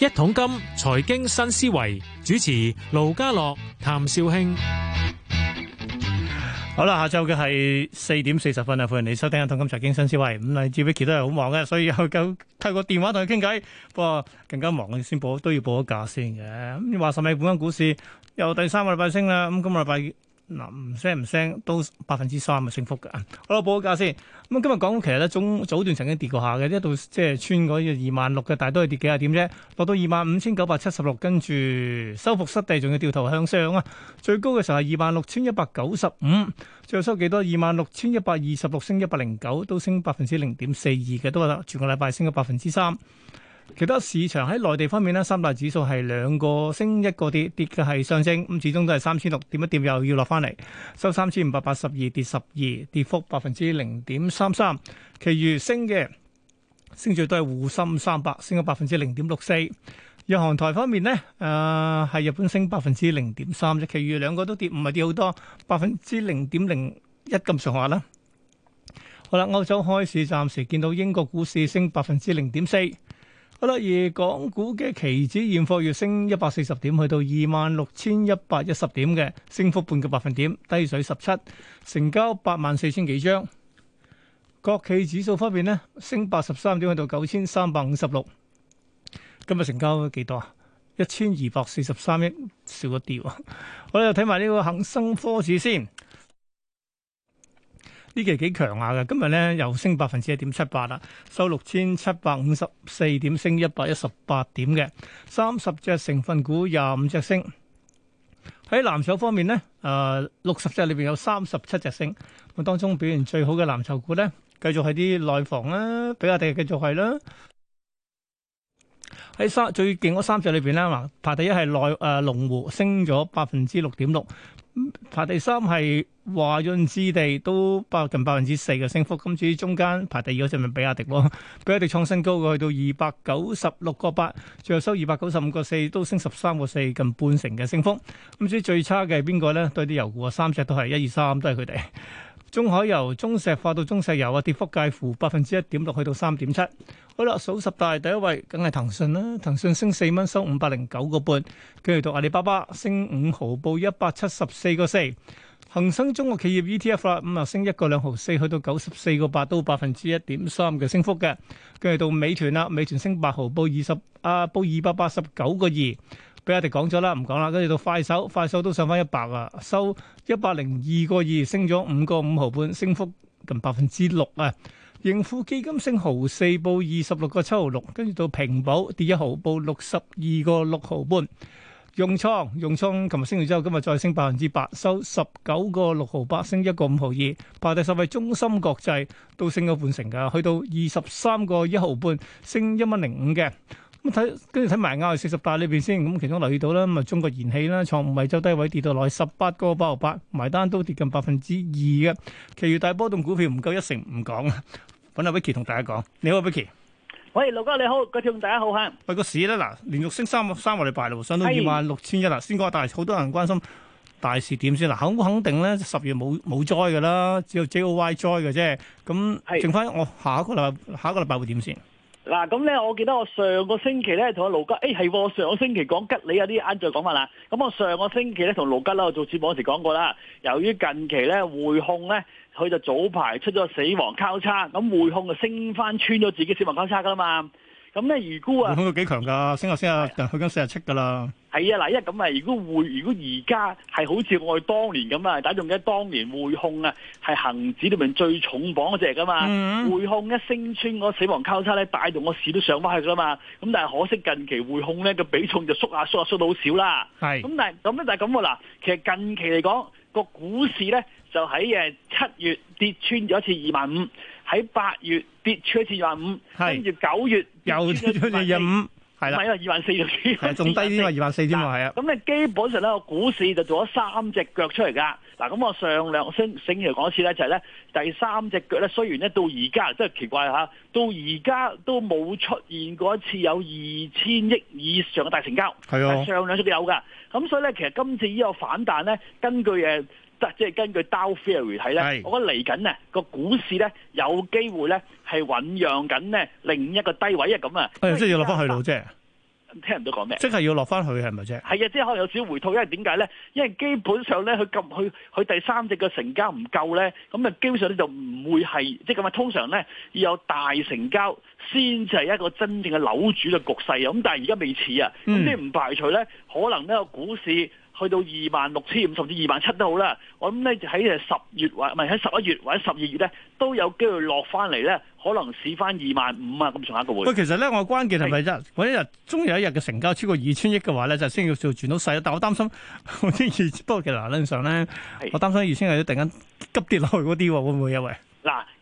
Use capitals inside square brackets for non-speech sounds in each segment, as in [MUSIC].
一桶金財經新思維，主持盧家樂、譚紹興，好啦，下晝嘅係四點四十分啊，歡迎你收聽一桶金財經新思維。咁啊，J B K 都係好忙嘅，所以有夠透過電話同佢傾偈，不過更加忙，我先報都要報一價先嘅。咁，話十尾股跟股市又第三個禮拜升啦，咁今日禮拜。嗱，唔升唔升都百分之三嘅升幅嘅，好啦，報個價先。咁今日港股其實咧，早早段曾經跌過下嘅，一度即係穿嗰二萬六嘅，大都係跌幾下點啫，落到二萬五千九百七十六，跟住收復失地，仲要掉頭向上啊！最高嘅時候係二萬六千一百九十五，最後收幾多？二萬六千一百二十六，升一百零九，都升百分之零點四二嘅，都係啦。全個禮拜升咗百分之三。其他市場喺內地方面咧，三大指數係兩個升一個跌，跌嘅係上升咁，始終都係三千六點一點又要落翻嚟，收三千五百八十二，跌十二，跌幅百分之零點三三。其餘升嘅，升最多都係滬深三百升咗百分之零點六四。日韓台方面呢，誒、呃、係日本升百分之零點三啫，其餘兩個都跌，唔係跌好多，百分之零點零一咁上下啦。好啦，歐洲開市，暫時見到英國股市升百分之零點四。好啦，而港股嘅期指現貨要升一百四十點，去到二萬六千一百一十點嘅，升幅半個百分點，低水十七，成交八萬四千幾張。國企指數方面咧，升八十三點，去到九千三百五十六。今日成交幾多啊？一千二百四十三億，少一啲。我哋又睇埋呢個恒生科指先。呢期幾強下嘅，今日咧又升百分之一點七八啦，收六千七百五十四點，升一百一十八點嘅，三十隻成分股廿五隻升。喺藍籌方面咧，誒六十隻裏邊有三十七隻升，當中表現最好嘅藍籌股咧，繼續係啲內房啊，比亞迪繼續係啦。喺三最勁嗰三隻裏邊咧，啊排第一係內誒龍湖，升咗百分之六點六。排第三係華潤置地，都百近百分之四嘅升幅。咁至於中間排第二嗰隻咪比亞迪咯，比亞迪創新高嘅，去到二百九十六個八，最後收二百九十五個四，都升十三個四，近半成嘅升幅。咁至於最差嘅係邊個咧？都係啲油股啊，三隻都係一二三，1, 2, 3, 都係佢哋。中海油、中石化到中石油啊，跌幅介乎百分之一點六，去到三點七。好啦，數十大第一位，梗係騰訊啦。騰訊升四蚊，收五百零九個半。跟住到阿里巴巴，升五毫報 4. 4，報一百七十四個四。恒生中國企業 ETF 啦，咁啊升一個兩毫四，去到九十四個八，都百分之一點三嘅升幅嘅。跟住到美團啦，美團升八毫，報二十啊，報二百八十九個二。俾我哋講咗啦，唔講啦。跟住到快手，快手都上返一百啊，收一百零二個二，升咗五個五毫半，升幅近百分之六啊。盈富基金升毫四，報二十六個七毫六。跟住到平保跌一毫，報六十二個六毫半。融創融創，琴日升完之後，今日再升百分之八，收十九個六毫八，升一個五毫二。排第十位，中芯國際都升咗半成㗎，去到二十三個一毫半，升一蚊零五嘅。睇跟住睇埋亞市四十八裏邊先，咁其中留意到啦，咁啊中國燃氣啦，創惠州低位跌到落去十八個八毫八，埋單都跌近百分之二嘅。其餘大波動股票唔夠一成，唔講啊。揾阿 Vicky 同大家講，你好、啊、Vicky 喂，盧哥你好，嗰條大家好哈。喂，個市咧嗱，連續升三三個禮拜咯，上到二萬六千一啦。是先講大，好多人關心大市點先啦。肯肯定咧？十月冇冇災嘅啦，只有 Joy 災嘅啫。咁剩翻我下一是、哦、個禮下一個禮拜會點先？嗱咁咧，啊、我記得我上個星期咧同阿盧吉，哎係喎，我上個星期講吉利有啲，啱再講翻啦。咁我上個星期咧同盧吉啦，我做節目時講過啦。由於近期咧匯控咧，佢就早排出咗死亡交叉，咁匯控就升翻穿咗自己死亡交叉噶啦嘛。咁咧如估啊，匯控幾強噶，升下升下，佢去緊四廿七噶啦。係啊，嗱，一咁啊，如果會如果而家係好似我哋當年咁啊，大家仲記得當年匯控啊，係恒指裏面最重磅嗰隻噶嘛，匯、mm hmm. 控一升穿嗰死亡交叉咧，帶動個市都上翻去噶嘛。咁但係可惜近期匯控咧個比重就縮下縮下縮到好少啦。係咁是，但係咁咧就係咁啊，啦其實近期嚟講個股市咧就喺誒七月跌穿咗一次二萬五，喺八月跌穿一次二萬五，跟住九月又跌穿咗二萬五。係啦，二萬四就仲低啲嘛，二萬四添嘛係啊。咁咧的基本上咧，個股市就做咗三隻腳出嚟噶。嗱，咁我上兩星星期講一次咧，就是，就係咧第三隻腳咧，雖然咧到而家真係奇怪吓，到而家都冇出現過一次有二千億以上嘅大成交。係啊的，是上兩日都有噶。咁所以咧，其實今次呢個反彈咧，根據誒。即係根據 Dow Theory 睇咧，是我覺得嚟緊呢個股市咧有機會咧係醖釀緊呢另一個低位啊咁啊，即係要落翻去到啫，聽唔到講咩？即係要落翻去係咪啫？係啊，即係可能有少少回吐，因為點解咧？因為基本上咧，佢咁佢佢第三隻嘅成交唔夠咧，咁啊基本上咧就唔會係即係咁啊。通常咧要有大成交先至係一個真正嘅樓主嘅局勢啊。咁但係而家未似啊，咁、嗯、即係唔排除咧可能呢個股市，去到二萬六千五甚至二萬七都好啦，我諗咧喺誒十月或唔係喺十一月或者十二月咧都有機會落翻嚟咧，可能市翻二萬五啊咁上下嘅位。喂，其實咧我關鍵係咪一嗰一日終有一日嘅成交超過二千億嘅話咧，就先、是、要做轉到細。但我擔心我啲二千多嘅嗱，理論上咧，是我擔心二千係一突然間急跌落去嗰啲喎，會唔會因為？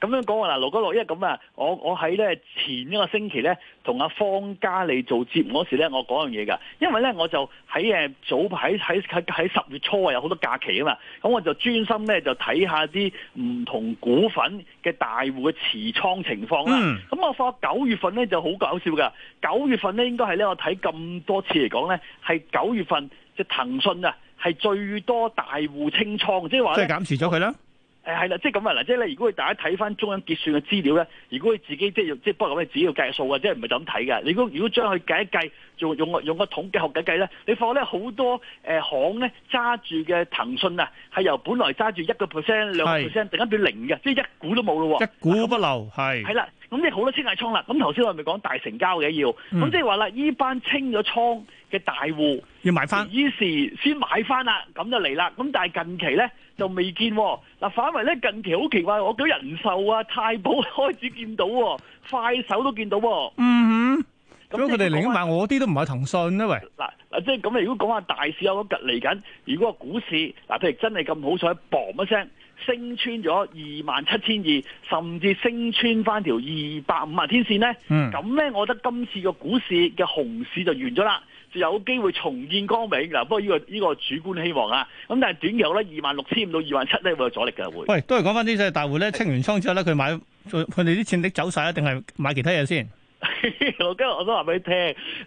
咁樣講啊！嗱，蘿蔔落，因為咁啊，我我喺咧前一個星期咧，同阿方家莉做節目嗰時咧，我講樣嘢噶。因為咧，我就喺早排喺喺喺喺十月初啊，有好多假期啊嘛。咁我就專心咧就睇下啲唔同股份嘅大戶嘅持倉情況啦。咁、嗯、我發九月份咧就好搞笑噶。九月份咧應該係咧我睇咁多次嚟講咧，係九月份即係騰訊啊，係最多大戶清倉，即係話即係減持咗佢啦。誒係啦，即係咁啊，嗱，即係咧，如果大家睇翻中央結算嘅資料咧，如果佢自己即係即係不過咁你自己要計數啊，即係唔係就咁睇嘅。你如果如果將佢計一計，用用個用個統計學計計咧，你發覺咧好多誒、呃、行咧揸住嘅騰訊啊，係由本來揸住一個 percent 兩個 percent，突然間變零嘅，即係一股都冇咯喎，一股不留，係。係啦。咁即係好多清嘅倉啦，咁頭先我咪講大成交嘅要，咁即係話啦，依班清咗倉嘅大戶要買翻，於是先買翻啦，咁就嚟啦，咁但係近期咧就未見嗱，反為咧近期好奇怪，我叫人壽啊、太保開始見到，快手都見到，嗯哼，咁佢哋嚟緊買我，我啲都唔係騰訊啦，喂，嗱嗱，即係咁啊，如果講下大市有嗰急嚟緊，如果個股市嗱，譬如真係咁好彩，boom 一聲。升穿咗二萬七千二，甚至升穿翻條二百五十天線呢。咁呢、嗯，我覺得今次個股市嘅熊市就完咗啦，就有機會重現光明。嗱，不過呢、這個呢、這個主觀希望啊，咁但係短期後呢二萬六千五到二萬七呢，會有阻力嘅會。喂，都係講翻呢隻大戶呢，清完倉之後呢，佢買佢哋啲錢攞走晒啊，定係買其他嘢先？我今日我都話俾你聽，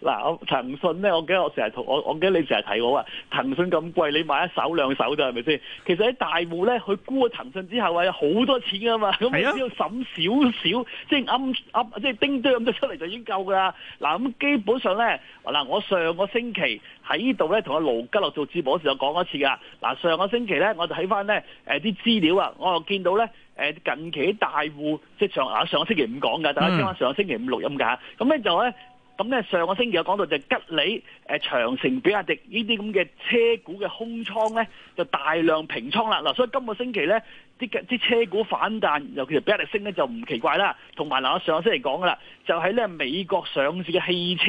嗱，騰訊咧，我記得我成日同我，我記得你成日睇我啊。騰訊咁貴，你買一手兩手咋，係咪先？其實喺大戶咧，佢沽咗騰訊之後很啊，有好多錢噶嘛，咁只要揼少少，即係啱揞，即係叮嘟咁咗出嚟就已經夠噶啦。嗱，咁基本上咧，嗱，我上個星期喺呢度咧同阿盧吉樂做直播嘅時候講過一次噶。嗱，上個星期咧，我就睇翻咧，誒、呃、啲資料啊，我又見到咧，誒近期啲大戶即係上啊上個星期五講嘅，嗯、大家聽下，上個星期五錄音㗎。咁咧就咧，咁咧上個星期有講到就吉利、呃、長城、比亞迪呢啲咁嘅車股嘅空倉咧，就大量平倉啦。嗱，所以今個星期咧。啲啲車股反彈，尤其是比亞迪升咧就唔奇怪啦。同埋嗱，我上個星期講噶啦，就喺、是、咧美國上市嘅汽車，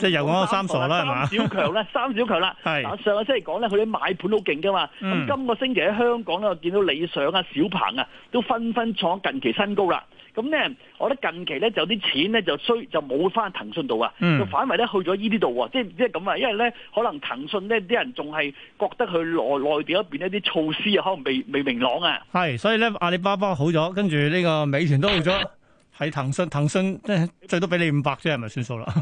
即係由我三傻啦小強咧吧，三小強啦。係是，上個星期講咧，佢啲買盤好勁噶嘛。咁、嗯、今個星期喺香港咧，我見到理想啊、小鵬啊，都紛紛創近期新高啦。咁咧，我覺得近期咧就啲錢咧就衰，就冇返騰訊度啊、嗯，就反為咧去咗依啲度喎。即係即係咁啊，因為咧可能騰訊咧啲人仲係覺得佢內內地嗰邊一啲措施啊，可能未未明朗啊。係，所以咧阿里巴巴好咗，跟住呢個美團都好咗，係騰訊騰訊即係最多俾你五百啫，係咪算數啦？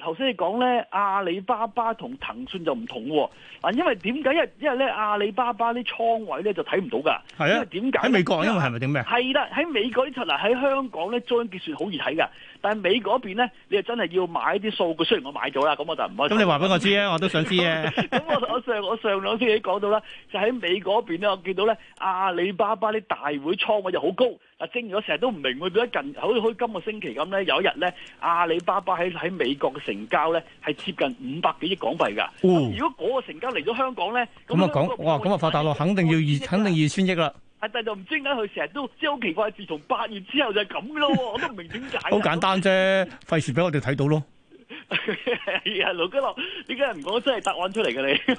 頭先你講咧，阿里巴巴騰訊同騰訊就唔同喎，因為點解？一因為咧，阿里巴巴啲倉位咧就睇唔到噶，係啊，因為點解？喺美國，因為係咪點咩？係啦，喺美國啲出嚟喺香港咧，張結算好易睇噶，但係美嗰邊咧，你又真係要買啲數據，雖然我買咗啦，咁我就唔開。咁你話俾我知啊，我都想知啊。咁我我上我上兩星期講到啦，就喺美嗰邊咧，我見到咧阿里巴巴啲大會倉位就好高。啊！正如我成日都唔明，佢點解近好似可以今個星期咁咧？有一日咧，阿里巴巴喺喺美國嘅成交咧係接近五百幾億港幣㗎。哦、如果嗰個成交嚟咗香港咧，咁啊講哇！咁啊，發達咯，肯定要二肯定二千億啦。係，但就唔知點解佢成日都即係好奇怪，自從八月之後就係咁咯。 [LAUGHS] 我都唔明點解。好簡單啫， [LAUGHS] 費事俾我哋睇到咯。老吉樂，點解唔講真係答案出嚟嘅你？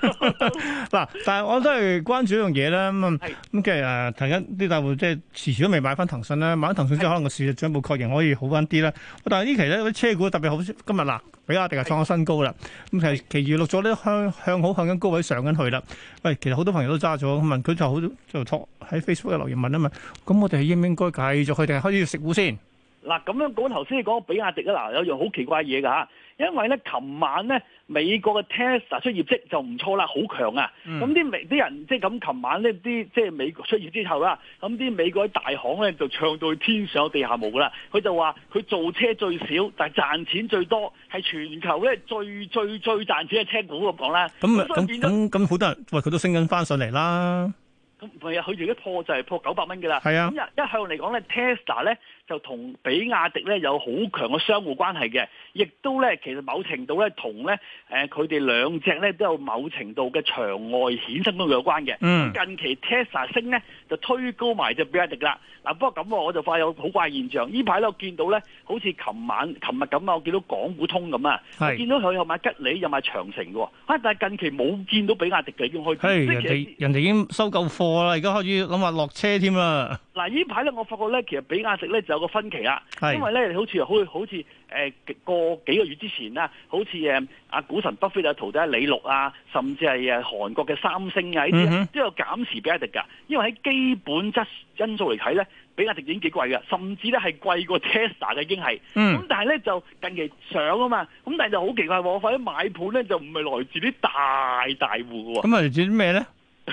嗱 [LAUGHS] [LAUGHS] 但係我都係關注一樣嘢啦。咁咁是其實誒，頭先啲大戶即係遲遲都未買翻騰訊啦。買翻騰訊之後可能個市值進一步確認可以好翻啲啦。是但係呢期咧啲車股特別好，今日嗱，比亞迪又創咗新高啦。咁是其其餘落咗啲向向好向緊高位上緊去啦。喂，其實好多朋友都揸咗，咁問佢就好就托喺 Facebook 嘅留言問啊嘛。咁我哋應唔應該繼續去定係開始要食糊先？嗱，咁樣講頭先你講個比亞迪啊，嗱，有樣好奇怪嘢㗎嚇，因為咧，琴晚咧美國嘅 Tesla 出業績就唔錯啦，好強啊！咁啲美啲人即係咁，琴晚呢啲即係美國出業之後啦，咁啲美國大行咧就唱到天上，有地下冇啦。佢就話佢造車最少，但係賺錢最多，係全球咧最最最最賺錢嘅車股咁講啦。咁咁咁好多人喂佢都升緊翻上嚟啦。咁啊，佢而家破就係破九百蚊㗎啦。係啊，咁一向嚟講咧 Tesla 咧。就同比亞迪咧有好強嘅相互關係嘅，亦都咧其實某程度咧同咧誒佢哋兩隻咧都有某程度嘅場外衍生都有關嘅。咁、嗯、近期 Tesla 升咧就推高埋隻比亞迪啦。嗱、啊，不過咁我就發現有好怪現象，呢排咧我見到咧好似琴晚琴日咁啊，我見到港股通咁啊，我見到佢是有買吉利又買長城嘅喎。啊，但係近期冇見到比亞迪嘅，已經開始人哋家是已經收夠貨啦，而家開始諗話落車添啦。嗱，呢排咧，我發覺咧，其實比亞迪咧就有個分歧啦，是因為咧好似好似好似誒、呃、過幾個月之前啦，好似誒阿股神巴菲特徒弟李錄啊，甚至係誒韓國嘅三星啊呢啲都有減持比亞迪噶，因為喺基本質因素嚟睇咧，比亞迪已經幾貴噶，甚至咧係貴過 Tesla 嘅已經係，咁、嗯、但係咧就近期上啊嘛，咁但係就好奇怪喎，我發覺買盤咧就唔係來自啲大大戶喎。咁咪來自啲咩咧？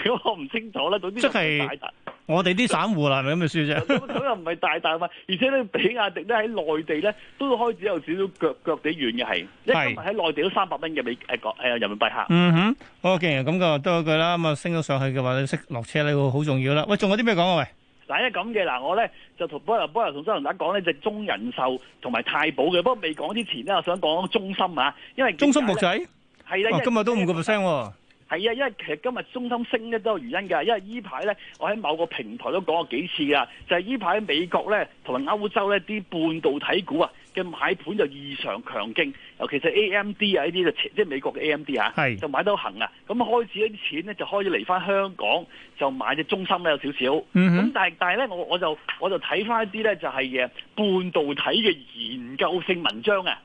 咁我唔清楚啦，嗰啲即係我哋啲散戶啦，係咪咁嘅意思啫？咁又唔係大大嘛，而且咧，比亞迪咧喺內地咧都開始有少少腳腳地遠嘅，係，因為喺內地都三百蚊嘅美誒港誒人民幣嚇。嗯哼，好，既然咁嘅多一句啦，咁啊升咗上去嘅話，你識落車咧好重要啦。喂，仲有啲咩講啊？喂，嗱，咧咁嘅嗱，我咧就同波油波油同周文達講咧，隻中人壽同埋太保嘅，不過未講之前咧，我想講中心嚇，因為中心木仔係啦，今日都五個 percent。係啊，因為其實今日中芯升咧，都有原因嘅，因為呢排咧我喺某個平台都講過幾次噶，就係呢排美國咧同埋歐洲咧啲半導體股啊嘅買盤就異常強勁，尤其是 A M D 啊呢啲就即係美國嘅 A M D 啊是，就買得行啊，咁開始一啲錢咧就開始嚟翻香港就買隻中芯咧有少少，咁、嗯、哼但係但係咧我我就我就睇翻一啲咧就係嘅半導體嘅研究性文章啊。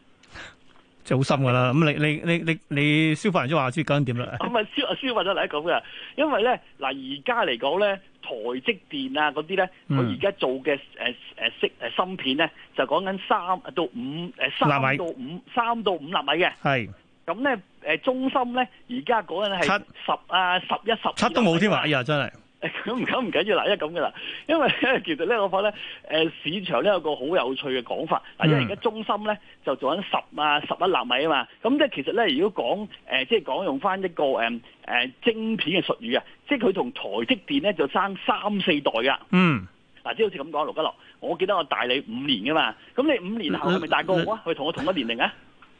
就好深噶啦，咁你你你你你消化完咗話先講緊點啦。咁啊消消化咗係咁嘅，因為咧嗱而家嚟講咧台積電啊嗰啲咧，佢而家做嘅誒誒息誒芯片咧就講緊三到五誒三到五三到五納米嘅。係。咁咧誒中芯咧而家講緊係七十啊十一十七都冇添啊！哎呀真係。咁唔咁唔緊要嗱，因為咁嘅啦，因為其實咧我講咧、呃，市場咧有個好有趣嘅講法，嗱，因為而家中心咧就做緊十啊十一納米啊嘛，咁即係其實咧，如果講、呃、即係講用翻一個誒誒、呃、晶片嘅術語、嗯、啊，即係佢同台積電咧就爭三四代啊，嗯，嗱，即係好似咁講，盧家樂，我記得我大你五年噶嘛，咁你五年後係咪大過我？佢同你我同一年齡啊？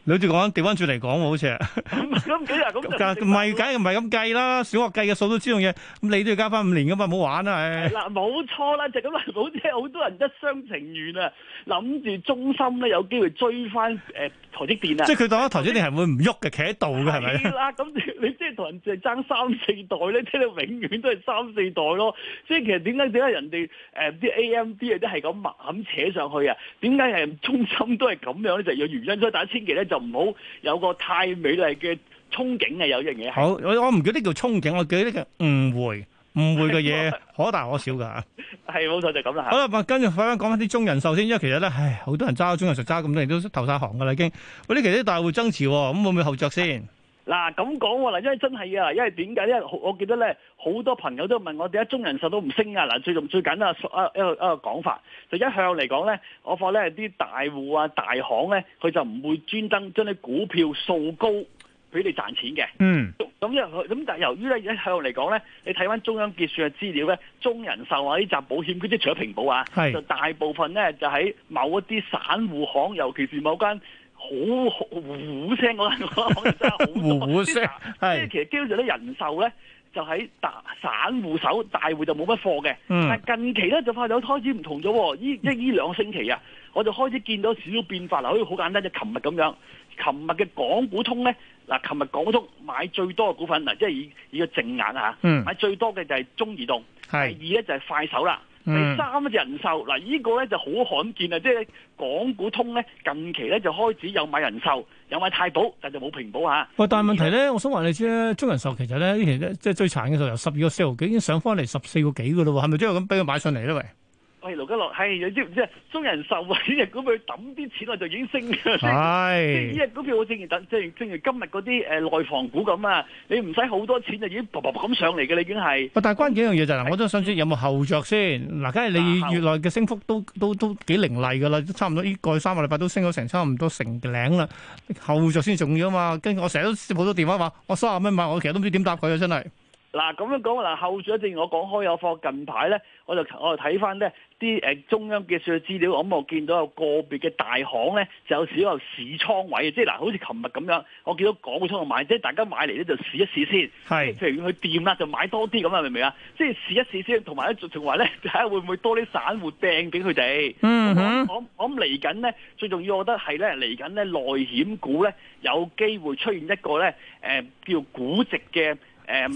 你仲講調翻轉嚟講喎，好似啊，咁幾日咁就唔係梗唔係咁計啦，小學計嘅數都知種嘢，咁你都要加翻五年噶嘛，唔好玩啦，誒、哎，嗱，冇錯啦，就咁、是、啦，好即係好多人一廂情願啊！諗住中芯咧有機會追翻誒、呃、台積電啊！即係是佢當台積電係會唔喐嘅，企喺度嘅係咪？啦咁、啊、你即係同人爭三四代咧，即係永遠都係三四代咯。即係其實點解點解人哋誒啲 AMD 啊啲係咁猛咁扯上去啊？點解係中芯都係咁樣咧？就係、有原因。所以大家千祈咧就唔好有個太美麗嘅憧憬啊！有樣嘢好，我我唔叫呢叫憧憬，我記得呢叫誤會。誤會嘅嘢 [LAUGHS] 可大可小噶，係冇錯就咁啦。好啦吧，跟住翻翻講翻啲中人壽先，因為其實咧，唉，好多人揸中人壽揸咁多年都投晒行噶啦，已經。喂，呢期啲大戶增持，咁會唔會後着先？嗱、啊，咁講嗱，因為真係啊，因為點解因為咧？我記得咧，好多朋友都問我，點解中人壽都唔升啊？嗱，最重最緊啦，一個一個講法，就一向嚟講咧，我覺得咧，啲大戶啊、大行咧，佢就唔會專登將啲股票掃高。俾你賺錢嘅，嗯，咁因咁但係由於咧喺向嚟講咧，你睇返中央結算嘅資料咧，中人壽啊呢集保險佢啲除咗平保啊，是就大部分咧就喺某一啲散戶行，尤其是某間好虎聲嗰間行真係好虎聲，即係其實基本上啲人壽咧就喺大散戶手，大戶就冇乜貨嘅，是但係近期咧就快有開始唔同咗，依即係依兩個星期啊，我就開始見到少少變化啦，好似好簡單，就琴日咁樣。琴日嘅港股通咧，嗱，琴日港股通買最多嘅股份嗱，即係以以個淨額嚇，買最多嘅就係中移動，第二咧就係快手啦，第三咧就係人壽。嗱，呢個咧就好罕見啊！即係港股通咧，近期咧就開始有買人壽，有買太保，但就冇平保嚇。喂，但係問題咧，是我想話你知咧，中人壽其實咧，呢期咧即係最慘嘅時候由十二個四毫幾，已經上翻嚟十四個幾噶啦喎，係咪即係咁俾佢買上嚟咧？喂？喂，盧家樂，係你知唔知啊？中人壽啊，呢日股票抌啲錢佢就已經升，即係呢日股票好正如等，即係正如今日嗰啲誒內房股咁啊，你唔使好多錢就已經噚噚噚咁上嚟嘅啦，已經係。但係關鍵一樣嘢就係，嗱，我都想知有冇後著先。嗱，梗係你月內嘅升幅都都都幾凌厲㗎啦，差唔多呢個三個禮拜都升咗成差唔多成頂啦，後著先重要啊嘛。跟住我成日都接好多電話話，我卅蚊買，我其實都唔知點答佢啊，真係。嗱咁樣講嗱，後續啊，正如我講開有貨，近排咧，我就我就睇翻咧啲誒中央結算嘅資料，咁我見到有個別嘅大行咧，就有少有市倉位，即係嗱、啊，好似琴日咁樣，我見到港講倉位，買即係大家買嚟咧就試一試先，是即係譬如去掂啦，就買多啲咁啊，明唔明啊？即係試一試先，同埋咧，同埋咧，睇下會唔會多啲散戶掟俾佢哋。嗯哼我我諗嚟緊咧，最重要，我覺得係咧嚟緊咧內險股咧，有機會出現一個咧、呃、叫做估值嘅。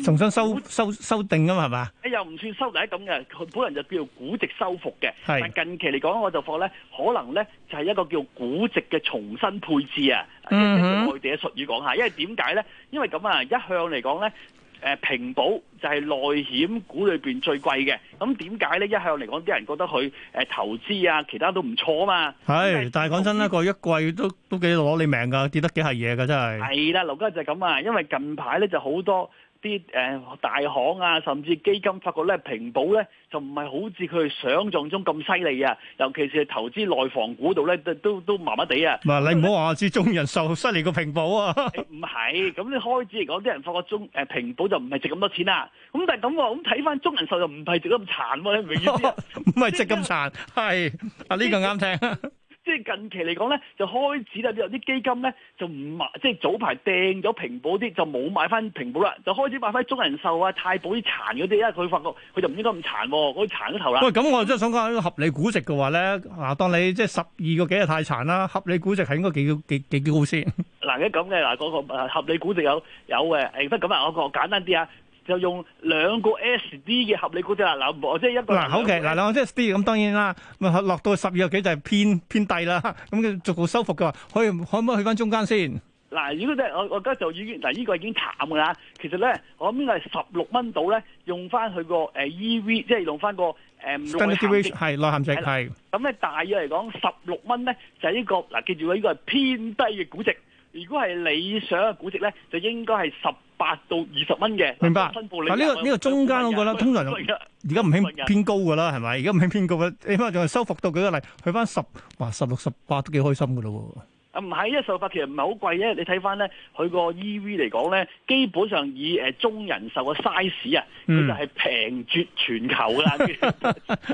重新修修修定啊嘛係嘛？又唔算修定咁嘅，佢本人就叫做估值修復嘅。係，但近期嚟講，我就話咧，可能咧係一個叫估值嘅重新配置啊，用內地嘅術語講下。因為點解咧？因為咁啊，一向嚟講咧，誒，平保就係內險股裏邊最貴嘅。咁點解咧？一向嚟講，啲人覺得佢誒投資啊，其他都唔錯啊嘛。係，但係講真咧，過一季都都幾攞你命噶，跌得幾係嘢噶，真係。係啦，劉家就係咁啊，因為近排咧就好多。啲誒大行啊，甚至基金發覺咧，平保咧就唔係好似佢哋想象中咁犀利啊，尤其是係投資內房股度咧都都都麻麻地啊！唔係，你唔好話我知中人壽犀利過平保啊，唔係。咁你開始嚟講，啲人發覺中誒平保就唔係值咁多錢啦。咁但係咁喎，咁睇翻中人壽就唔係值得咁殘喎，你明唔明意思？唔係值咁殘，係啊，呢個啱聽。即係近期嚟講咧，就開始啦，有啲基金咧就唔買，即係早排掟咗平保啲，就冇買翻平保啦，就開始買翻中人壽啊、太保啲殘嗰啲啊，佢發覺佢就唔應該咁殘，佢殘咗頭啦。喂，咁我真係想講下呢個合理估值嘅話咧，嗱，當你即係十二個幾係太殘啦，合理估值係應該幾高幾幾高先？嗱，嘅咁嘅嗱，嗰個合理估值有有嘅，誒，不如咁啊，我講簡單啲啊。就用兩個 SD 嘅合理估值啦，嗱，即係一個嗱，好嘅，嗱、OK，兩個 SD，咁當然啦，落到十二個幾就係偏偏低啦，咁佢逐步收復嘅，可以可唔可以去翻中間先？嗱，如果即係我我而家就已經嗱，呢、這個已經淡㗎啦。其實咧，我諗係十六蚊到咧，用翻佢個 EV，即係用翻個誒內涵值，ization，值係。咁咧大約嚟講十六蚊咧就係呢個嗱，記住啦，這個係偏低嘅估值。如果係理想嘅估值咧，就應該係十八到二十蚊嘅。明白。但係呢個呢、呢個中間個，我覺得通常而家而家唔興偏高噶啦，係咪？而家唔興偏高嘅，起碼仲係收復到幾個例，去翻十，哇，十六、十八都幾開心噶咯喎！唔係，因為、啊、受法其實唔係好貴啫。你睇翻咧，佢個 E V 嚟講咧，基本上以中人壽嘅 size 啊，佢就係平絕全球嘅。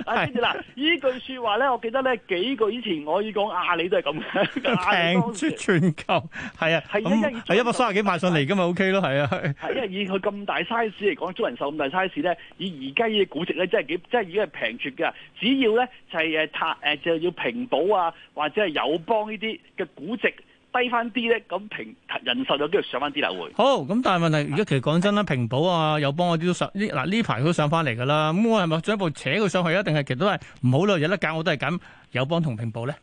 係啦，依句說話咧，我記得咧幾個以前我可以講阿里都係咁嘅，平、啊、絕全球係啊，係依係一百三十幾萬上嚟㗎嘛，OK 咯，係啊，啊，啊。因為以佢咁大 size 嚟講，中人壽咁大 size 咧，以而家嘅估值咧，真係幾真係已經係平絕㗎。只要咧就係誒塔誒就要平保啊，或者係友邦呢啲嘅股。估值低翻啲咧，咁平人受咗跟住上翻啲嚟會。好咁，但係問題，而家其實講真啦，平保啊，友邦嗰啲都上，嗱呢排都上翻嚟噶啦。咁我係咪一步扯佢上去啊？定係其實都係唔好啦，有得揀我都係揀友邦同平保咧。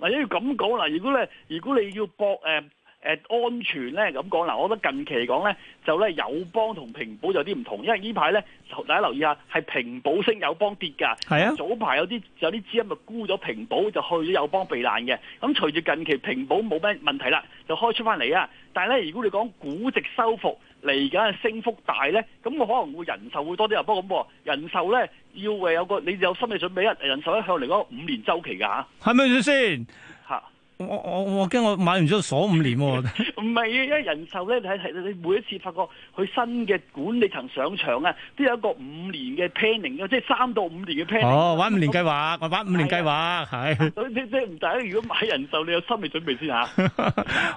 嗱，因要咁講嗱，如果咧，如果你要搏。誒、呃。安全咧，咁講啦，我覺得近期講咧就咧友邦同平保有啲唔同，因為呢排咧大家留意下係平保升有，友邦跌㗎。係啊，早排有啲有啲資金咪沽咗平保，就去咗友邦避難嘅。咁隨住近期平保冇咩問題啦，就開出翻嚟啊！但係咧，如果你講估值收復嚟緊升幅大咧，咁我可能會人壽會多啲入波不過咁。人壽咧要誒有個你有心理準備啊！人壽咧向嚟嗰五年周期㗎吓係咪先？吓我我我驚我買完咗鎖五年喎 [LAUGHS] 唔係，因為人壽咧，你睇睇你每一次發覺佢新嘅管理層上場啊，都有一個五年嘅 planning 即係三到五年嘅 planning，哦，計劃都玩五年計劃，玩五年計劃係，即即唔大。如果買人壽，你有心理準備先吓、啊。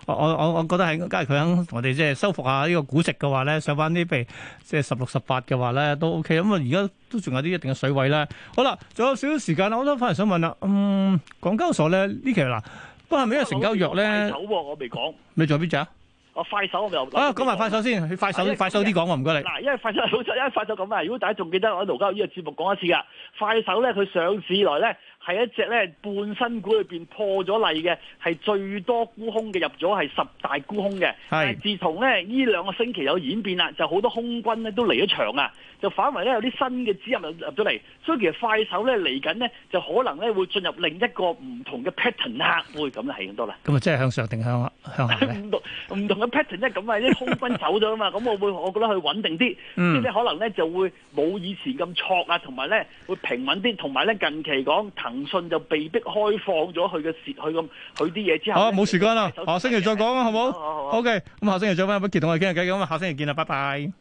[LAUGHS] 我我我覺得係，梗係佢肯我哋即係修復下呢個估值嘅話咧，上翻啲，譬如即係十六、十八嘅話咧都 O K。咁啊，而家都仲有啲一,一定嘅水位咧。好啦，仲有少少時間啦，我都反而想問啦，嗯，港交所咧呢期嗱。不過係咪因為成交弱咧？快手我未講，咪仲有邊隻啊？我快手我又啊，講埋快手先，去快手快手啲講，我唔該你。嗱，因為快手好老因為快手咁啊！如果大家仲記得我喺盧家玉呢個節目講一次噶，快手咧佢上市來咧。係一隻咧半新股裏邊破咗例嘅，係最多沽空嘅入咗係十大沽空嘅。係是自從咧呢兩個星期有演變啦，就好多空軍咧都嚟咗場啊，就反為咧有啲新嘅資入入咗嚟，所以其實快手咧嚟緊咧就可能咧會進入另一個唔同嘅 pattern 客會咁啊，係咁多啦。咁啊，即係向上定向啊，向下咧？唔 [LAUGHS] 同唔同嘅 pattern 咧，咁啊啲空軍走咗啊嘛，咁 [LAUGHS] 我會我覺得佢穩定啲，即係、嗯、可能咧就會冇以前咁錯啊，同埋咧會平穩啲，同埋咧近期講騰訊就被迫開放咗佢嘅事，佢咁佢啲嘢之後，好啊、冇時間啦。先下星期再講啦，的好冇？好，好，好 OK。咁下星期再翻阿 Ben 傑同我哋傾下偈咁啊，下星期見啦，拜拜。